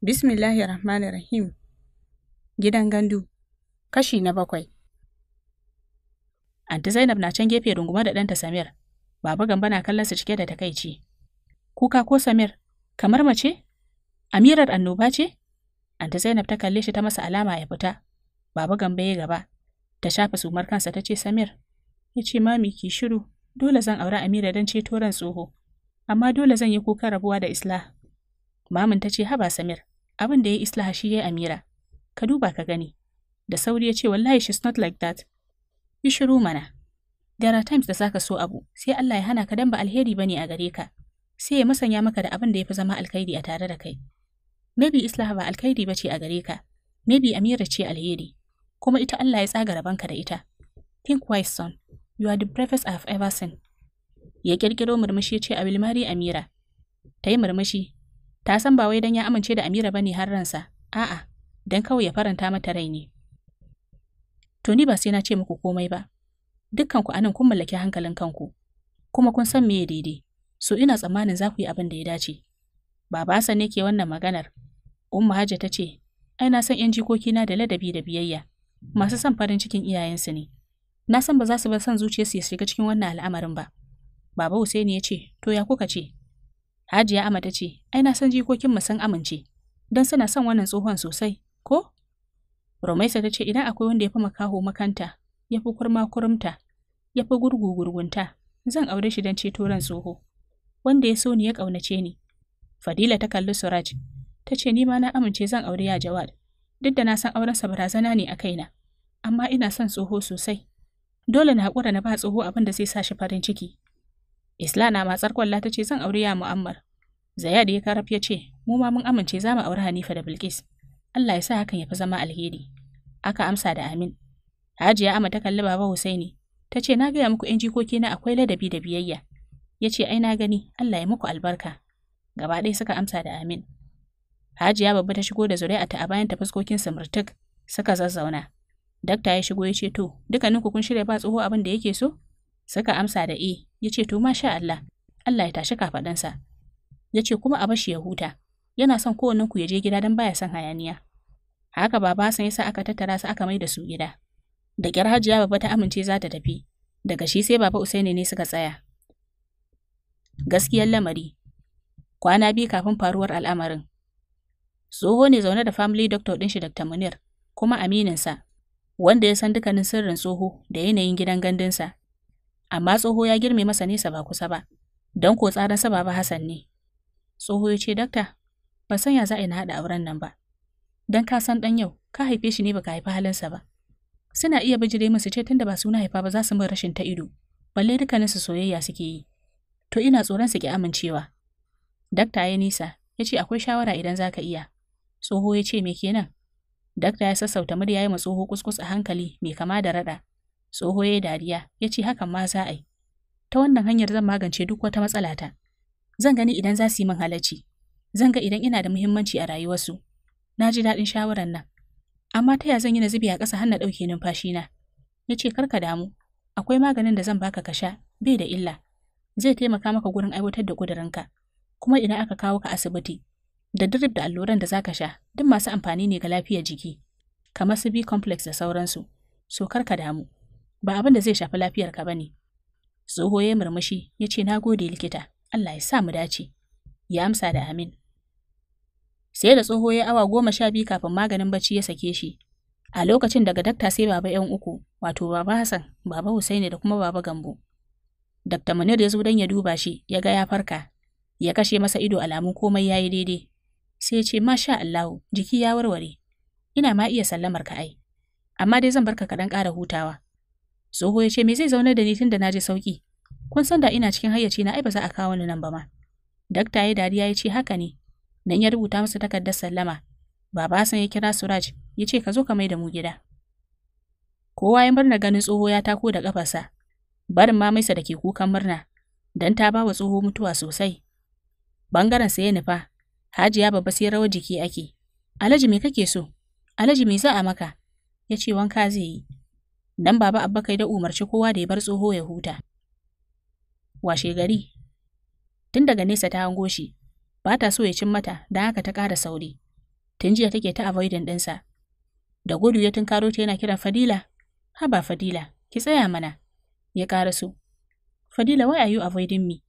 Bismillahir Rahmanir Rahim. Gidan gandu, kashi na bakwai. Anti Zainab na can gefe rungume da ɗanta Samir. Baba Gamba na kallon su cike da takaici. Kuka ko Samir, kamar mace? Amirar annoba ce? Anti Zainab ta kalle shi ta masa alama ya fita. Baba Gamba ya gaba. Ta shafa sumar kansa ta ce Samir. Ya ce mami ki shiru, dole zan aure Amira don ceto ran tsoho. Amma dole zan yi kuka rabuwa da Isla. Mamin ta ce haba Samir, abin da ya islaha shi ya amira ka duba ka gani da sauri ya ce wallahi she's not like that yi shiru mana there are times da zaka so abu sai Allah ya hana ka dan ba alheri bane a gare ka sai ya masanya maka da abin da ya fi zama alkhairi a tare da kai maybe islaha ba alkhairi bace a gare ka maybe amira ce alheri kuma ita Allah ya tsaga rabanka da ita think wise son you are the bravest I have ever seen ya kirkiro murmushi ya ce I will marry Amira ta yi murmushi Ta san ba wai dan ya amince da Amira bane har ransa, a'a, dan kawai ya faranta mata rai ne. To ni ba sai na ce muku komai ba. Dukkan ku anan kun mallaki hankalin kanku, kuma kun san meye daidai. So ina tsammanin za ku yi abin da ya dace. Baba Hassan ne ke wannan maganar. Umma Hajja ta ce, "Ai na san 'yan jikoki na da ladabi da biyayya, masu son farin cikin iyayensu ne. Na san ba za su bar son zuciyarsu ya shiga cikin wannan al'amarin ba." Baba Hussein ya ce, "To ya kuka ce?" Hajiya Ama ta ce, ai na san jikokinmu sun amince, don suna son wannan tsohon sosai, ko? Romaisa ta ce idan akwai wanda ya fi makaho makanta, ya fi kurma kurumta, ya fi gurgu gurgunta, zan aure shi don ceto ran tsoho. Wanda ya so ni ya ƙaunace ni. Fadila ta kalli Suraj, ta ce ni ma na amince zan aure ya Jawad, duk da na san auren sa barazana ne a kaina, amma ina son tsoho sosai. Dole na haƙura na ba tsoho abin da zai sa shi farin ciki, Isla na matsar kwalla ta ce zan aure ya Mu'ammar. Zayad ya karaf ya ce, mu ma mun amince za mu aure Hanifa da Bilkis. Allah ya sa hakan ya fi zama alheri. Aka amsa da amin. Hajiya Amma ta kalli Baba Husaini, ta ce na gaya muku 'yan jikoki na akwai ladabi da biyayya. Ya ce ai na gani, Allah ya muku albarka. Gaba ɗaya suka amsa da amin. Hajiya babba ta shigo da zuri'a ta a bayan ta fuskokin murtuk suka zazzauna. Dakta ya shigo ya ce to, dukkaninku kun shirya ba tsoho abin da yake so? Suka amsa da e, ya ce to masha Allah, Allah ya tashi kafaɗansa. Ya ce kuma a bashi ya huta, yana son ku ya je gida don baya son hayaniya. Haka baba san yasa aka tattara su aka mai da su gida. Da kyar Hajiya baba ta amince za ta tafi, daga shi sai baba Usaini ne suka tsaya. Gaskiyar lamari, kwana biyu kafin faruwar al'amarin. Tsoho ne zaune da family doctor ɗin shi Dr. Munir, kuma amininsa, wanda ya san dukkanin sirrin tsoho da yanayin gidan gandunsa amma tsoho ya girme masa nesa ba kusa ba, don ko tsaransa ba Hassan ne. Tsoho ya ce, Dakta, ban san ya za a na haɗa auren nan ba, don ka san ɗan yau, ka haife shi ne baka haifi halinsa ba. Suna iya bijire min su ce tunda ba suna haifa ba za su min rashin ta ido, balle dukkaninsu soyayya suke yi. To ina tsoron su ki amincewa. Dakta ya nisa, ya ce akwai shawara idan za ka iya. Tsoho ya ce me kenan? Dakta ya sassauta murya ya yi tsoho kuskus a hankali mai kama da raɗa. Tsoho ya dariya, ya ce hakan ma za a yi. Ta wannan hanyar zan magance duk wata ta. Zan gani idan za su yi min halacci. Zan ga idan ina da muhimmanci a rayuwarsu. Na ji daɗin shawarar nan. Amma ta ya zan yi na zubi a ƙasa har na ɗauke numfashina? Ya ce kar ka damu, akwai maganin da zan baka ka sha, bai da illa. Zai taimaka maka gurin aiwatar da ƙudurinka. Kuma idan aka kawo ka asibiti, da drip da alluran da za ka sha duk masu amfani ne ga lafiyar jiki kamar su B complex da sauransu so kar ka damu ba abin da zai shafi lafiyarka ba ne. Tsoho ya murmushi ya ce na gode likita, Allah ya sa mu dace. Ya amsa da amin. Sai da tsoho ya awa goma sha biyu kafin maganin bacci ya sake shi. A lokacin daga dakta sai baba ‘yan uku, wato baba Hassan, baba Husaini da kuma baba Gambo. Dakta Munir ya zo don ya duba shi, ya ga ya farka, ya kashe masa ido alamun komai ya yi daidai. Sai ya ce, Masha Allahu, jiki ya warware, ina ma iya sallamar ka ai, amma dai zan barka ka dan ƙara hutawa. Tsoho ya ce me zai zaune da ni tun da na ji sauki. Kun san da ina cikin hayyaci na ai ba za a kawo ni nan ba ma. Dakta ya dariya ya ce haka ne. Nan ya rubuta masa takardar sallama. Baba Hassan ya kira Suraj ya ce ka zo ka mai da mu gida. Kowa ya murna ganin tsoho ya tako da kafarsa. Barin mamaisa da ke kukan murna dan ta ba wa tsoho mutuwa sosai. Bangaren sa ya nufa. Hajiya babba sai rawar jiki ake. Alhaji me kake so? Alhaji me za a maka? Ya ce wanka zai yi. dan baba abba kai da umarci kowa da ya bar tsoho ya huta. Washe gari, tun daga nesa ta hango shi, ba ta so ya cin mata don haka ta ƙara sauri. Tun jiya take ta avoidin ɗinsa. Da gudu ya tunkaro ta yana kiran Fadila, haba Fadila, ki tsaya mana, ya ƙara so. Fadila, why are you avoiding me?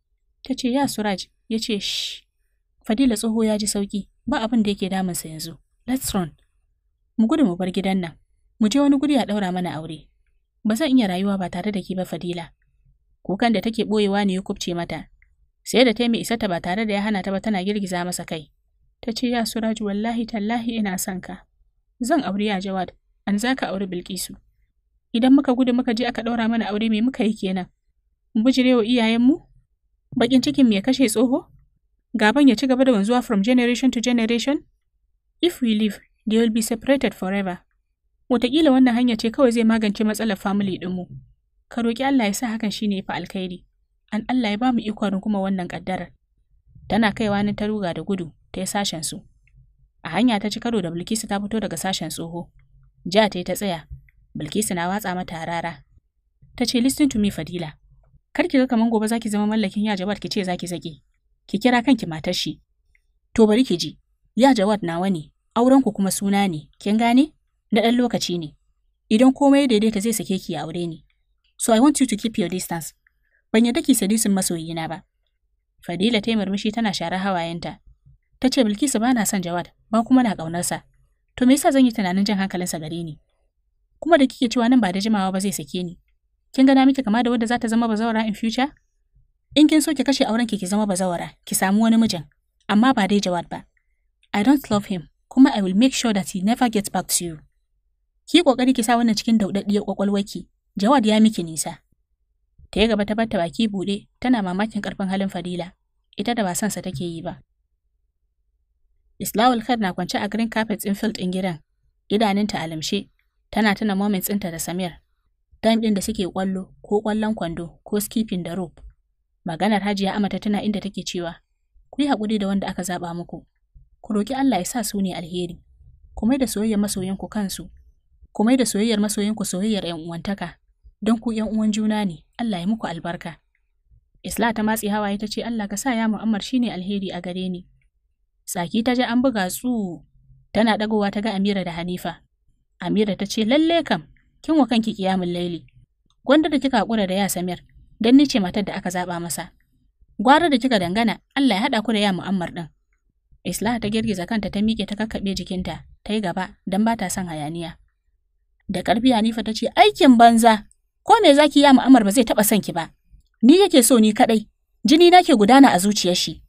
Ta ce, ya Suraj, ya ce, shh. Fadila tsoho ya ji sauki ba abin da yake damunsa yanzu. Let's run. Mu gudu mu bar gidan nan. Mu je wani guri a ɗaura mana aure. Ba zan iya rayuwa ba tare da ke ba Fadila. Kukan da take ɓoyewa ne ya kubce mata. Sai da ta mai isa ta ba tare da ya hana ta ba tana girgiza masa kai. Ta ce ya Suraju wallahi tallahi ina son ka. Zan aure ya Jawad, an za ka auri Bilkisu. Idan muka gudu muka je aka ɗaura mana aure me muka yi kenan? Mu wa iyayenmu? Bakin cikin me kashe tsoho? Gaban ya ci gaba da wanzuwa from generation to generation? If we live, they will be separated forever. Wataƙila wannan hanya ce kawai zai magance matsalar family ɗinmu. Ka roƙi Allah ya sa hakan shine ya fi alkhairi. An Allah ya ba mu ikon kuma wannan ƙaddarar. Tana kaiwa ni ta ruga da gudu ta yi sashen su. A hanya ta ci karo da Bilkisu ta fito daga sashen tsoho. Ja ta yi ta tsaya. Bilkisu na watsa mata rara Ta ce listen to me Fadila. Kar ki ga kamar gobe zaki zama mallakin ya Jawad ki ce za zaki zaki. Ki kira kanki matar shi. To bari ki ji. Ya Jawad nawa ne, ku kuma suna ne, kin gane? na ɗan lokaci ne. Idan komai daidaita zai sake ki a aure ni. So I want you to keep your distance. Ban yadda ki sadisin masoyina ba. Fadila ta yi murmushi tana share hawayenta. Ta ce Bilkisu ba na son Jawad, ba kuma na ƙaunarsa. To me yasa zan yi tunanin jan hankalinsa gare ni? Kuma da kike cewa nan ba da jimawa ba zai sake ni. Kin gana miki kama da wadda za ta zama bazawara in future? In kin so ki kashe auren ki ki zama bazawara, ki samu wani mijin, amma ba dai Jawad ba. I don't love him, kuma I will make sure that he never gets back to you. Ki kokari ki sa wannan cikin daudaddiyar kwakwalwarki. Jawad ya miki nisa. Ta yi gaba ta batta baki buɗe, tana mamakin karfin halin Fadila, ita da ba sansa take yi ba. Islawul Khair na kwance a green carpet ɗin field in gidan, idanunta a lamshe, tana tana moments ɗinta da Samir, Dam ɗin da suke kwallo, ko kwallon kwando ko skipping da rope. Maganar Hajiya Amata tana inda take cewa, ku yi haƙuri da wanda aka zaɓa muku, ku roƙi Allah ya sa su ne alheri, ku mai da soyayya masoyanku kansu, ku mai da soyayyar masoyinku soyayyar ‘yan uwantaka, don ku ‘yan uwan juna ne, Allah ya muku albarka. Isla ta matsi hawaye ta ce Allah ka sa ya Mu'ammar shine alheri a gare ni. Tsaki ta ji an buga su tana dagowa ta ga Amira da Hanifa. Amira ta ce lalle kam kin wa kanki kiyamin laili. Gwanda da kika hakura da ya Samir dan ni ce matar da aka zaba masa. Gwara da kika dangana Allah ya hada ku da ya Mu'ammar din. Isla ta girgiza kanta ta miƙe ta kakkabe jikinta ta yi gaba don ba ta son hayaniya. Da ƙarfi Hanifa ta ce, aikin banza, ko me zaki yi mu'amar ba zai taɓa son ki ba. Ni yake so ni kaɗai, jini na ke gudana a zuciyar shi.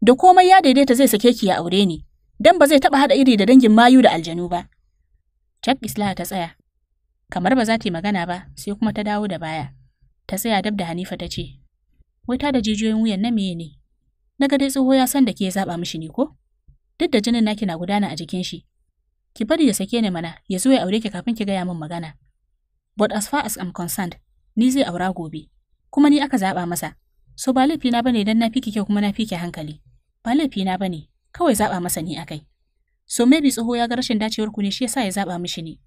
Da komai ya daidaita zai sake ki ya aure ni, dan ba zai taɓa haɗa iri da dangin mayu da aljanu ba. Cak Islah ta tsaya, kamar ba za ta yi magana ba, sai kuma ta dawo da baya. Ta tsaya dab da Hanifa ta ce, wai ta da jijiyoyin wuyan na meye ne? Na ga dai tsoho ya san da ke zaɓa mishi ne ko? Duk da jinin naki na gudana a jikin shi, Ki bari ya sake ni mana, ya zo ya aure ki kafin ki gaya min magana. But as far as I'm concerned, ni zai aura gobe, kuma ni aka zaɓa masa. So ba laifina bane dan na fiki kyau kuma na fiki hankali. Ba laifina bane, kawai zaɓa masa ni akai. So maybe tsoho ya ga rashin dacewar ku ne shi yasa ya zaɓa mishi ne.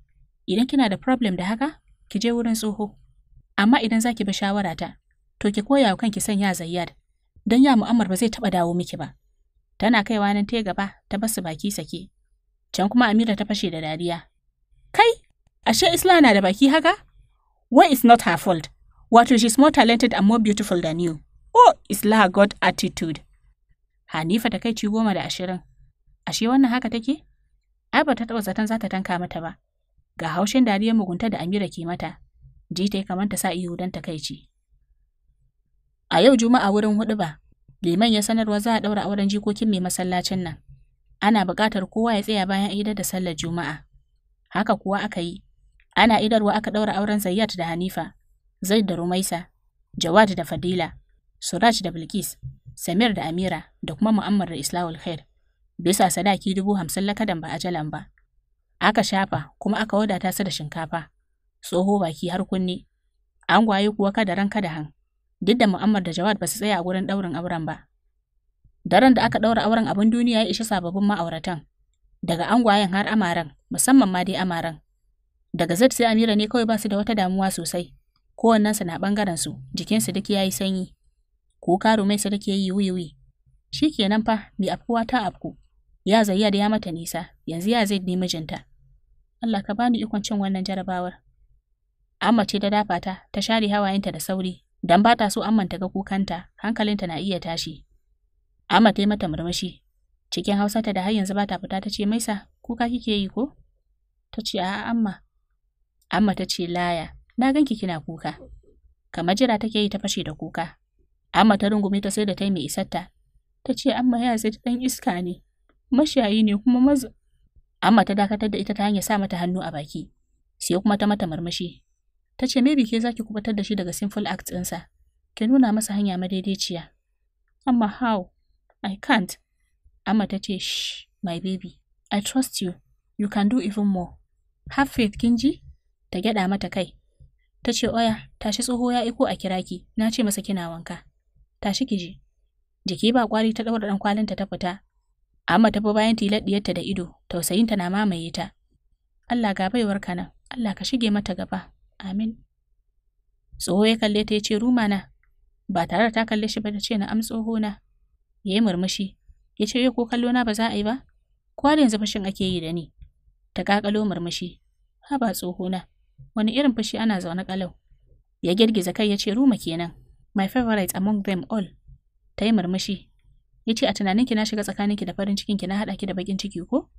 Idan kina da problem da haka, ki je wurin tsoho. Amma idan za ki bi ta to ki koya wa kanki sanya zayyad, don ya mu'ammar ba zai taɓa dawo miki ba. Tana kaiwa nan ta gaba ta basu baki sake, Can kuma Amira ta fashe da dariya. Kai, ashe Isla na da baki haka? Why is not her fault? Wato she's more talented and more beautiful than you. Oh, Isla got attitude. Hanifa ta kai ci goma da ashirin. Ashe wannan haka take? Ai ba ta taɓa zaton za ta tanka mata ba. Ga haushin dariyar mugunta da Amira ke mata. Ji ta kamar ta sa iyo don takaici A yau Juma'a wurin huɗu ba, liman ya sanarwa za a ɗaura auren jikokin mai masallacin nan. ana buƙatar kowa ya tsaya bayan idar da sallar juma'a haka kuwa aka yi ana idarwa aka ɗaura auren zayyat da hanifa zaid da rumaisa jawad da fadila suraj da bilkis samir da amira da kuma mu'ammar da islawul khair bisa sadaki dubu hamsin lakadan ba a jalan ba aka shafa kuma aka wadata su da shinkafa tsoho baki har kunne an gwaye kuwa kada ran kada han duk da mu'ammar da jawad ba su tsaya a gurin ɗaurin auren ba Daren da aka ɗaura auren abin duniya ya ishi sababbin ma'auratan, daga angwayen har amaran, musamman ma dai amaran. Daga zai sai Amira ne kawai ba su da wata damuwa sosai, kowannensu na ɓangaren su, jikinsu duk ya yi sanyi. Kuka mai su take yi wiwi. Shi kenan fa, mai afkuwa ta afku. Ya zayya da ya mata nisa, yanzu ya zai ne mijinta. Allah ka bani ikon cin wannan jarabawar. Amma ce ta dafa ta, ta share hawayenta da sauri, dan ba ta so amman ta ga kukanta, hankalinta na iya tashi, Amma ta yi mata murmushi. Cikin Hausa ta da har yanzu ba ta fita ta ce maisa kuka kike yi ko? Ta ce a'a amma. Amma ta ce laya na ganki kina kuka. Kamar jira take yi ta fashe da kuka. Amma ta rungume ta sai da ta yi mai isarta. Ta ce amma ya sai ta ɗan iska ne. Mashayi ne kuma maza. Amma ta dakatar da ita ta hanyar sa mata hannu a baki. Sai kuma ta mata murmushi. Ta ce maybe ke zaki kubatar da shi daga sinful act ɗinsa. Ki nuna masa hanya madaidaiciya. Amma how? I can't. Amma ta ce, Shh, my baby, I trust you. You can do even more. Have faith, kin ji? Ta gyada mata kai. Ta ce, Oya, tashi tsoho ya iko a kiraki, na ce masa kina wanka. Tashi ki ji. Jiki ba kwari ta ɗaura ɗan kwalinta ta fita. Amma ta fi bayan tilaɗiyarta da ido, tausayinta na mamaye ta. Allah ga baiwar ka nan, Allah ka shige mata gaba. Amin. Tsoho ya kalle ta ya ce, Rumana, ba tare da ta kalle shi ba ta ce na am tsoho na. ya yi murmushi ya ce ko kallo na ba za a yi ba ko da yanzu fashin ake yi da ni ta kakalo murmushi ha ba na. wani irin fashi ana zaune kalau ya girgiza kai ya ce ruma kenan my favorite among them all ta yi murmushi ya ce a tunaninki na shiga tsakaninki da farin cikinki na haɗa ki da bakin ciki ko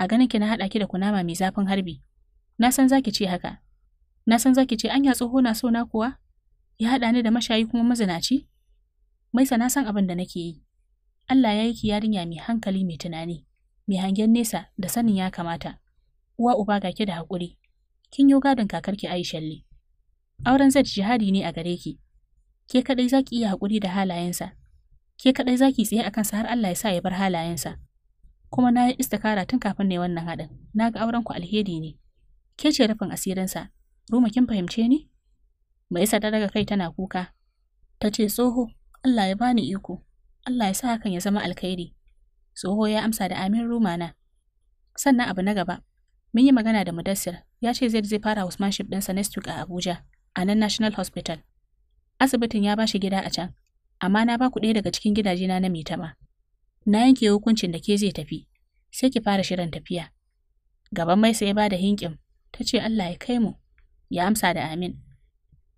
a ganinki na haɗa ki da kunama mai zafin harbi na san zaki ce haka na san zaki ce anya tsoho na so na kuwa ya haɗa ni da mashayi kuma mazinaci maisa na san abin da nake yi Allah ya yi ki yarinya mai hankali mai tunani, mai hangen nesa da sanin ya kamata. Uwa uba ga ki da haƙuri. Kin yi gadon kakarki Aisha shalle Auren zai jihadi ne a gare ki. Ke kaɗai za ki iya haƙuri da halayensa. Ke kaɗai za ki tsaye a kansa har Allah ya sa ya bar halayensa. Kuma na yi istikara tun kafin ne wannan haɗin. Na ga auren ku alheri ne. Ke ce rufin asirinsa. Ruma kin fahimce ni? mai Maisa ta daga kai tana kuka. Ta ce tsoho, Allah ya bani iko. Allah ya sa hakan ya zama alkhairi. Tsoho ya amsa da amin rumana. Sannan abu na gaba, mun yi magana da Mudassir, ya ce zai zai fara Usmanship sa next week a Abuja, a nan National Hospital. Asibitin ya ba shi gida a can, amma na ba ku ɗaya daga cikin gidaje na na mai taɓa. Na yanke hukuncin da ke zai tafi, sai ki fara shirin tafiya. Gaban mai sai ya ba da ta ce Allah ya kai mu, ya amsa da amin.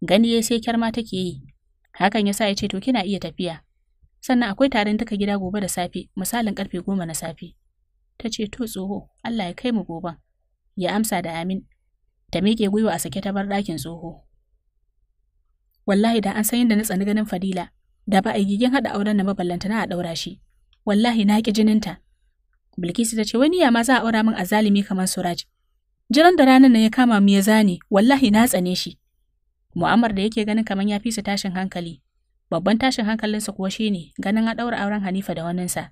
Gani ya sai kyarma take yi, hakan ya sa ya ce to kina iya tafiya, sannan akwai taron duka gida gobe da safe misalin karfe goma na safe ta ce to tsoho Allah ya kai mu goben ya amsa da amin ta miƙe gwiwa a sake ta bar ɗakin tsoho wallahi da an san yadda na tsani ganin fadila da ba a gigin haɗa auren na maballanta na a ɗaura shi wallahi na ƙi jininta bilkisu ta ce wani yama za a aura min a zalimi kamar suraj jiran da ranar na ya kama mu ya zane wallahi na tsane shi mu'amar da yake ganin kamar ya fi su tashin hankali Babban tashin hankalinsa kuwa shi ne, ganin a ɗaura auren Hanifa da waninsa.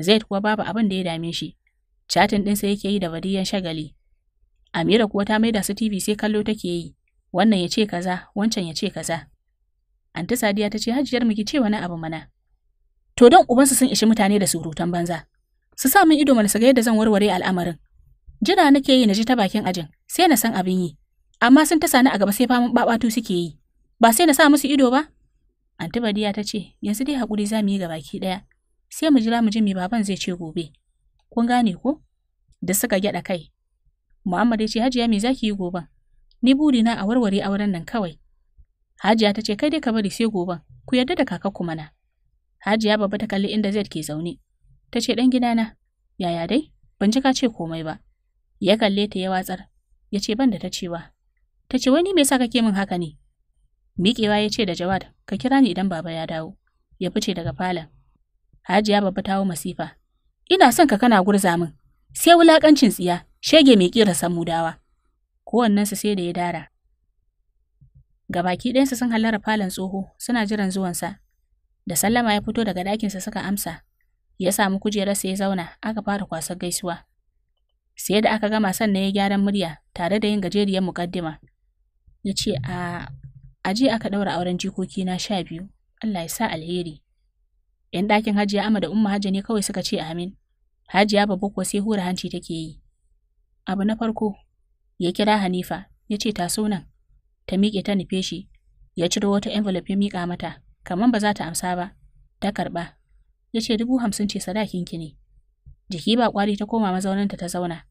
Zaid kuwa babu abin da ya dame shi. Chatin ɗinsa yake yi da badiyan shagali. Amira kuwa ta maida su TV sai kallo take yi. Wannan ya ce kaza, wancan ya ce kaza. Anti Sadiya ta ce hajiyar mu ki ce wani abu mana. To don ubansu sun ishi mutane da surutan banza. Su sa min ido mana su ga yadda zan warware al'amarin. Jira nake yi na ji ta bakin ajin, sai na san abin yi. Amma sun ta sani a gaba sai faman babatu suke yi. Ba sai na sa musu ido ba, Anti Badiya ta ce, "Yanzu dai hakuri za mu yi gabaki ɗaya, sai mu jira mu ji mai baban zai ce gobe." Kun gane ko? Da suka gyaɗa kai. Muhammad ya ce, "Hajiya me za ki yi goben?" Ni buri na a warware auren nan kawai. Hajiya ta ce, "Kai dai ka bari sai goben, ku yarda da kaka kuma na. Hajiya babba ta kalli inda Zaid ke zaune. Ta ce, "Ɗan gidana, yaya dai? Ban ji ka ce komai ba." Ya kalle ta ya watsar, ya ce, "Ban da ta cewa." Ta ce, Wani ni me yasa kake min haka ne?" Miƙewa ya ce da Jawad, ka kira ni idan baba ya dawo, ya fice daga falon. Hajiya babba ta masifa. Ina son ka kana gurza min, sai wulaƙancin tsiya, shege mai ƙira samudawa. su sai da ya dara. Gabaki su sun hallara falon tsoho suna jiran zuwan sa Da sallama ya fito daga sa suka amsa. Ya samu kujerarsa ya zauna aka fara kwasar gaisuwa. Sai da aka gama sannan ya gyaran murya tare da yin gajeriyar muƙaddima. Ya ce a A jiya aka ɗaura auren jikoki na sha biyu. Allah ya sa alheri. ‘Yan ɗakin Hajiya Ama da Umma Hajja ne kawai suka ce amin. Hajiya babba kuwa sai hura hanci take yi. Abu na farko, ya kira Hanifa, ya ce ta nan. Ta miƙe ta nufe shi, ya ciro wata envelope ya miƙa mata, kamar ba za ta amsa ba, ta karɓa. Ya ce dubu hamsin ce sadakin ki ne. Jiki ba ƙwari ta koma mazauninta ta zauna.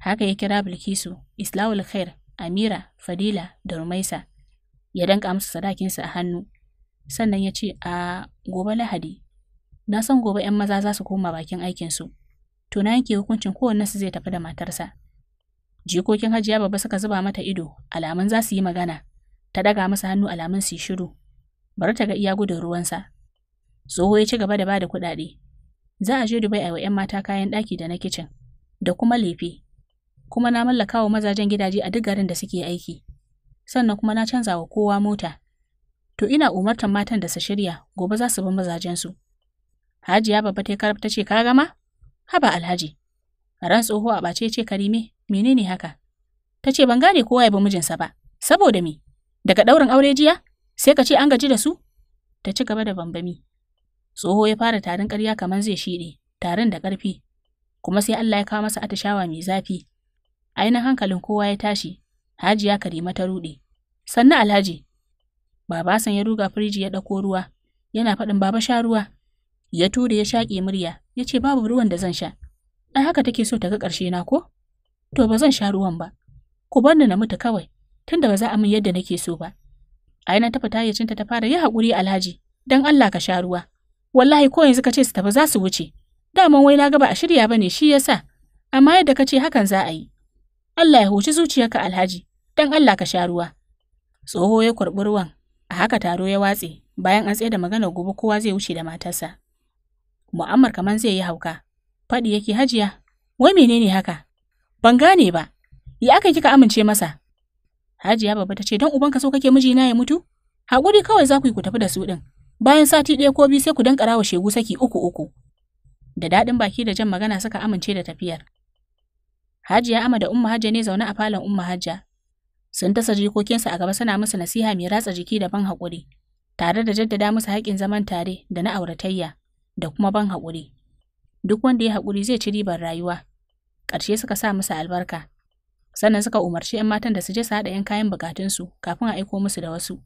Haka ya kira Bilkisu, Islawul Khair, Amira, Fadila da Rumaisa. ya danka musu sadakinsa a hannu sannan ya ce a gobe lahadi na san gobe 'yan maza za su koma bakin aikinsu to na yanke hukuncin su zai tafi da matarsa jikokin hajiya babba suka zuba mata ido alamun za su yi magana ta daga masa hannu alamun su yi shiru bari ta ga iya gudun ruwan sa. tsoho ya ci gaba da bada kuɗaɗe za a je dubai a wa 'yan mata kayan ɗaki da na kicin da kuma lefe kuma na mallaka wa mazajen gidaje a duk garin da suke aiki sannan kuma na canza wa kowa mota. To ina umartan matan da su shirya, gobe za su bi mazajensu. Hajiya babba ta karab ta ce ka gama? Haba Alhaji. Ran tsoho a ɓace ce Karime, menene haka? Ta ce ban gane kowa ya bi mijinsa ba, saboda me? Daga ɗaurin aure jiya? Sai ka ce an gaji da su? Ta ci gaba da bambami. Tsoho ya fara tarin ƙarya kamar zai shiɗe, tarin da ƙarfi, kuma sai Allah ya kawo masa atishawa mai zafi. Ainihin hankalin kowa ya tashi, Hajiya Karima ta ruɗe. Sannu Alhaji. Baba Hassan ya ruga firiji ya ɗauko ruwa. Yana faɗin baba sha ruwa. Ya tura ya shaƙe murya. Ya ce babu ruwan da zan sha. ɗan haka take so ta ga ƙarshe na ko? To ba zan sha ruwan ba. Ku bar ni na mutu kawai. Tunda ba za a min yadda nake so ba. Aina ta fita yacinta ta fara yi hakuri Alhaji. Dan Allah ka sha ruwa. Wallahi ko yanzu ka ce su tafi za su wuce. Daman wai na gaba a shirya ba ne shi yasa. Amma yadda ka ce hakan za a yi. Allah ya huci zuciyarka Alhaji. don Allah ka sha ruwa. Tsoho ya kurɓi ruwan, a haka taro ya watse, bayan an tsaye da magana gobe kowa zai wuce da matarsa. Mu'ammar kamar zai yi hauka, faɗi yake hajiya, wai menene haka? Ban gane ba, ya aka kika amince masa? Hajiya baba ta ce, don ubanka so kake mijina ya mutu? Haƙuri kawai za ku yi ku tafi da su ɗin, bayan sati ɗaya ko biyu sai ku danƙara wa shegu saki uku uku. Da daɗin baki da jan magana suka amince da tafiyar. Hajiya Ama da Umma Hajja ne zaune a falon Umma Hajja, sun tasa jikokinsa a gaba suna musu nasiha mai ratsa jiki da ban haƙuri, tare da jaddada musu haƙƙin zaman tare da na auratayya da kuma ban haƙuri. Duk wanda ya haƙuri zai ci ribar rayuwa. Ƙarshe suka sa musu albarka. Sannan suka umarci 'yan matan da su je su haɗa 'yan kayan buƙatunsu kafin a aiko musu da wasu.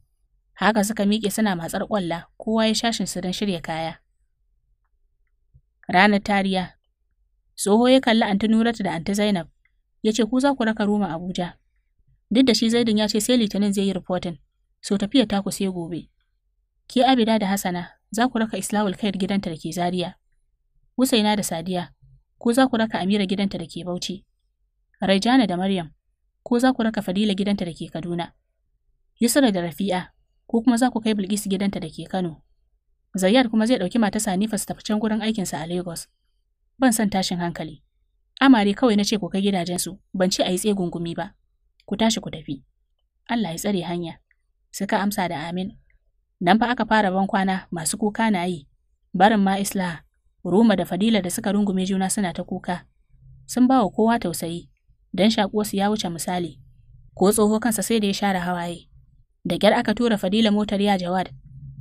Haka suka miƙe suna matsar ƙwalla, kowa ya shashin su don shirya kaya. Ranar tariya. Tsoho ya kalli Anti Nuratu da Anti Zainab, ya ce ku za ku raka Roma Abuja, Duk da shi Zaidun ya ce sai Litinin zai yi reporting, so tafiya ta ku sai gobe. Ke Abida da Hassana za ku raka Islawul Khair gidanta da ke Zaria. Husaina da Sadiya, ko za ku raka Amira gidanta da ke Bauchi. Raijana da Maryam, ko za ku raka Fadila gidanta da ke Kaduna. Yusra da Rafi'a, ko kuma za ku kai Bilkisu gidanta da ke Kano. zayyar kuma zai ɗauki mata Sanifa su tafi can gurin aikinsa a Lagos. Ban son tashin hankali. Amare kawai na ce ku kai gidajensu, ban ce a yi tsegungumi ba. ku tashi ku tafi. Allah ya tsare hanya. Suka amsa da amin. Nan fa aka fara ban kwana masu kuka na yi, barin ma Islaha, Ruma da Fadila da suka rungume juna suna ta kuka. Sun ba wa kowa tausayi, don shaƙuwarsu ya wuce misali. Ko tsoho kansa sai da ya share hawaye. Da ƙyar aka tura Fadila motar ya Jawad,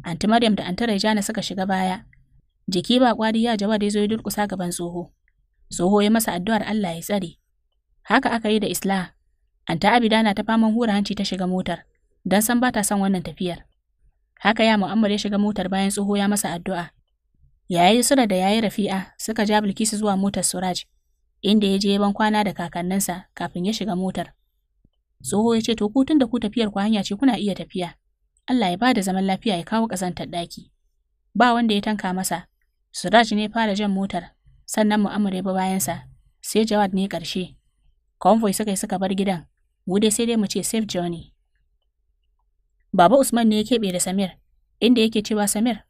Anti Maryam da Anti Raijana suka shiga baya. Jiki ba kwari ya Jawad ya zo ya durƙusa gaban tsoho. Tsoho ya masa addu'ar Allah ya tsare. Haka aka yi da Islah Anta Abida na ta faman hura hanci ta shiga motar, don san ba ta son wannan tafiyar. Haka ya Mu'ammar ya shiga motar bayan tsoho ya masa addu'a. Yayi Sura da yayi Rafi'a suka ja Bilkisu zuwa motar Suraj, inda ya je ban kwana da kakanninsa kafin ya shiga motar. Tsoho ya ce to ku tun da ku tafiyar ku hanya ce kuna iya tafiya. Allah ya bada zaman lafiya ya kawo ƙazantar ɗaki. Ba wanda ya tanka masa. Suraj ne fara jan motar, sannan Mu'ammar ya bi bayansa, sai Jawad ne ƙarshe. Convoy suka yi suka bar gidan, mu dai sai dai mu ce safe journey. Baba Usman ne ya keɓe da Samir, inda yake cewa Samir,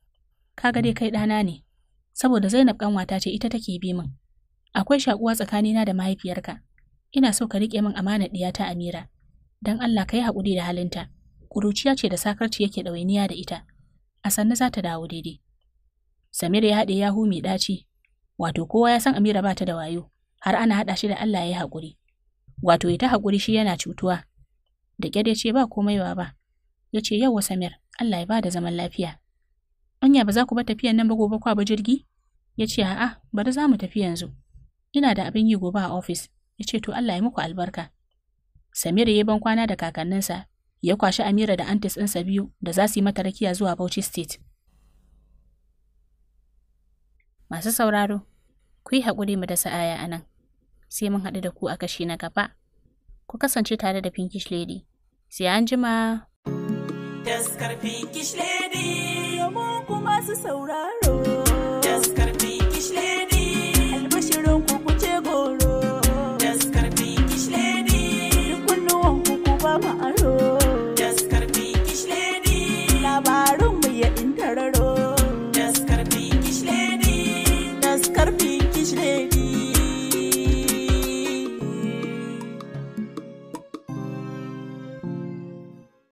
kaga dai kai ɗana ne, saboda Zainab ƙanwata ce ita take bi min. Akwai shakuwa tsakanina da mahaifiyarka, ina so ka riƙe min amanar ta Amira, don Allah ka yi haƙuri da halinta, ƙuruciya ce da sakarci yake ɗawainiya da ita, a sannu za ta dawo daidai. Samir ya haɗe yahu mai ɗaci, wato kowa ya san Amira ba ta da wayo, har ana haɗa shi da Allah ya yi haƙuri. wato ya ta haƙuri shi yana cutuwa. Da ƙyar ya ce ba komai baba. Ya ce yauwa Samir, Allah ya bada zaman lafiya. Anya ba za ku ba tafiyan nan ba gobe kwa ba jirgi? Ya ce a'a, bari za mu tafi yanzu. Ina da abin yi gobe a ofis. Ya ce to Allah ya muku albarka. Samir ya ban kwana da kakanninsa, ya kwashi Amira da antis ɗinsa biyu da za su yi mata rakiya zuwa Bauchi State. Masu sauraro, ku yi haƙuri mu da sa'aya a nan. sai mun haɗu da ku a kashi na gaba. Ku kasance tare da Pinkish Lady. Sai an jima. Taskar Pinkish Lady, mu kuma su saurara.